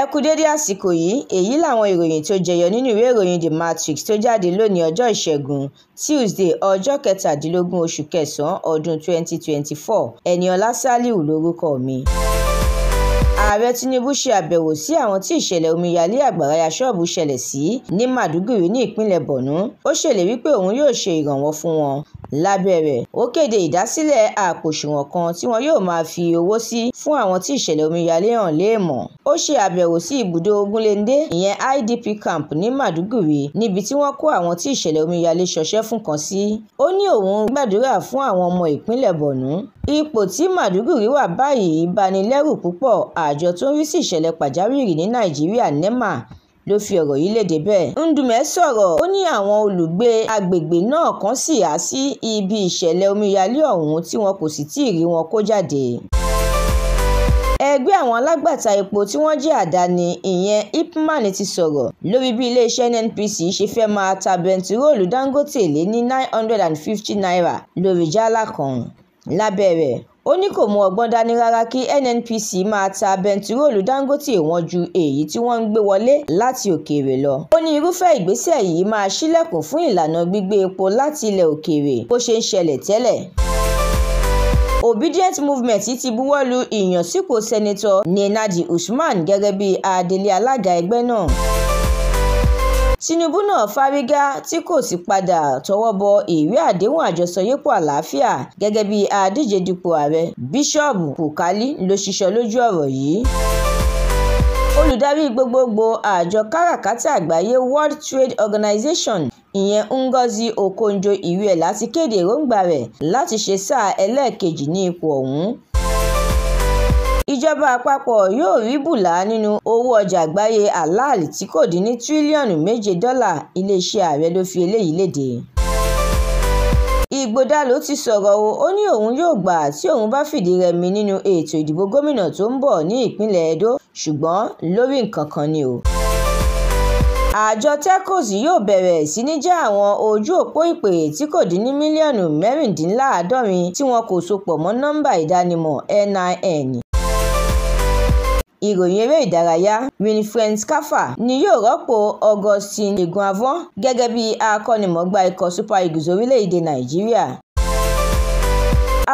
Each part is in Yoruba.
ẹ kú dédé àsìkò yìí èyí làwọn ìròyìn tó jẹyọ nínú ìwé ìròyìn the matrix tó jáde lónìí ọjọ́ ìṣẹ́gun tuesday ọjọ́ kẹtàdínlógún oṣù kẹsàn-án ọdún 2024 ẹniọlá saliu lórúkọ mi. ààrẹ tinubu ṣe àbẹ̀wò sí àwọn tí ìṣẹ̀lẹ̀ omíyalé àgbàrá ya ṣọ́ọ̀bù ṣẹlẹ̀ sí ní màdúgùrí ní ìpínlẹ̀ borno ó ṣèlérí pé òun yóò ṣe ìrànwọ́ fún wọn lábẹ́ rẹ̀ ó kéde ìdásílẹ̀ àpòṣùwọ̀n kan tí wọn yóò máa fi owó sí fún àwọn tí ìṣẹ̀lẹ̀ omíyalé hàn léèmọ̀ ó ṣe àbẹ̀wò sí ibùdó ogunléndé ìyẹn idp camp ní màdúgùrí níbi tí wọ́n kó àwọn tí ìṣẹ̀lẹ̀ omíyalé ṣọṣẹ́ fún kan sí ó ní òun gbàdúrà fún àwọn ọmọ ìpínlẹ̀ bọ̀nú ipò tí màdúgùrí wà báyìí bani lẹ́rù púpọ̀ àjọ tó ń rí sí ìṣẹ̀lẹ̀ pàjáwìrì ní nàìjíríà nema ló fi ọ̀rọ̀ yìí léde bẹ́ẹ̀. Ndume sọ̀rọ̀ ó ní àwọn olùgbé agbègbè náà kan sì há sí ibi ìṣẹ̀lẹ̀ omíyalé ọ̀hún tí wọn kò sì tíì rí wọn kó jáde ẹgbẹ́ àwọn alágbàtà epo tí wọ́n jẹ́ àdáni ìyẹn ipman ti sọ̀rọ̀ lórí bí iléeṣẹ́ nnpc ṣe fẹ́ máa ta bẹntiróòlù dangote lé ní nine hundred and fifty naira lórí jálá kan lábẹ́ rẹ̀ ó ní kó mú ọgbọ́n dání rárá kí nnpc máa ta bẹntiróòlù dangote wọn ju èyí tí wọ́n ń gbé wọlé láti òkèèrè lọ. ó ní irúfẹ́ ìgbésẹ̀ yìí máa ṣílẹ̀kùn fún ìlànà gbígbé epo láti ilẹ̀ òkèèrè bó ṣe ń ṣẹlẹ̀ tẹ́lẹ̀. Obedient Movement ti buwọ́lu ìyànsípò sẹ́nẹ́tọ̀ Nenadi Usman gẹ́gẹ́ bí adelé alága ẹgbẹ́ náà tinubu náà fárígá tí kò sì padà tọwọ́ bọ ìwé àdéhùn àjọsọyépọ̀ àlàáfíà gẹ́gẹ́ bí adíje dupò ààrẹ bíṣọ́ọ̀bù bùkálí ló ṣiṣọ́ lójú ọ̀rọ̀ yìí olùdarí gbogbogbò àjọ káràkátà àgbáyé world trade organization ìyẹn ngozi okonjo-iweala ti kéde èròǹgbà rẹ̀ láti ṣe sáà ẹlẹ́ẹ̀kejì ní ipò ọ̀hún ìjọba àpapọ̀ yóò rí bùlà nínú owó ọjà àgbáyé halal tí kò dín ní tírílíọ̀nù méje dọ́là iléeṣẹ́ ààrẹ ló fi eléyìí léde ìgbòdàló ti sọ̀rọ̀ o ó ní òun yóò gbà tí òun bá fìdí rẹmi nínú ètò ìdìbò gómìnà tó ń bọ̀ ní ìpínlẹ̀ Edo ṣùgbọ́n lórí nǹkan kan ni o. àjọ tecos yóò bẹ̀rẹ̀ sí ní já àwọn ojú òpó ìpè tí kò dín ní mílíọ̀nù mẹ́rìndínláàádọ́rin tí wọn kò so pọ̀ mọ́ nọ́mbà ìdánimọ̀ NIN ìròyìn eré ìdárayá winfred scaffa ni yóò rọ́pò augustine eguavoen gẹ́gẹ́ bí akọ́nimọ̀gbá ikọ̀ super eagles orílẹ̀-èdè nàìjíríà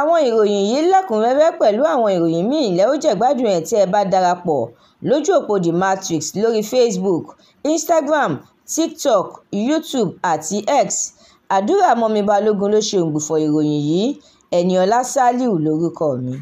àwọn ìròyìn yìí lẹ́kùnrẹ́rẹ́ pẹ̀lú àwọn ìròyìn míì lẹ́ ó jẹ̀gbádùn ẹ̀ tí ẹ bá darapọ̀ lójú òpó the matrix lórí facebook instagram tiktok youtube àti x àdúrà mọ́mi balógun ló ṣe òǹgbùfọ̀ ìròyìn yìí ẹniọlá ṣálíù lórúkọ mi